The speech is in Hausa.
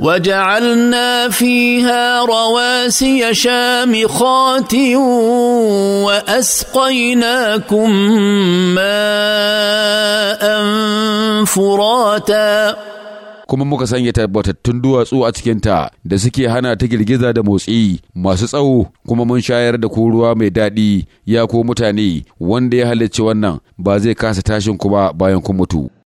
وجعلنا فيها رواسي شامخات واسقيناكم ماء فراتا kuma muka sanya tabbatattun duwatsu a cikinta da suke hana ta girgiza da motsi masu tsawo kuma mun shayar da ku ruwa mai daɗi ya ko mutane wanda ya halicci wannan ba zai kasa tashin ku ba bayan kun mutu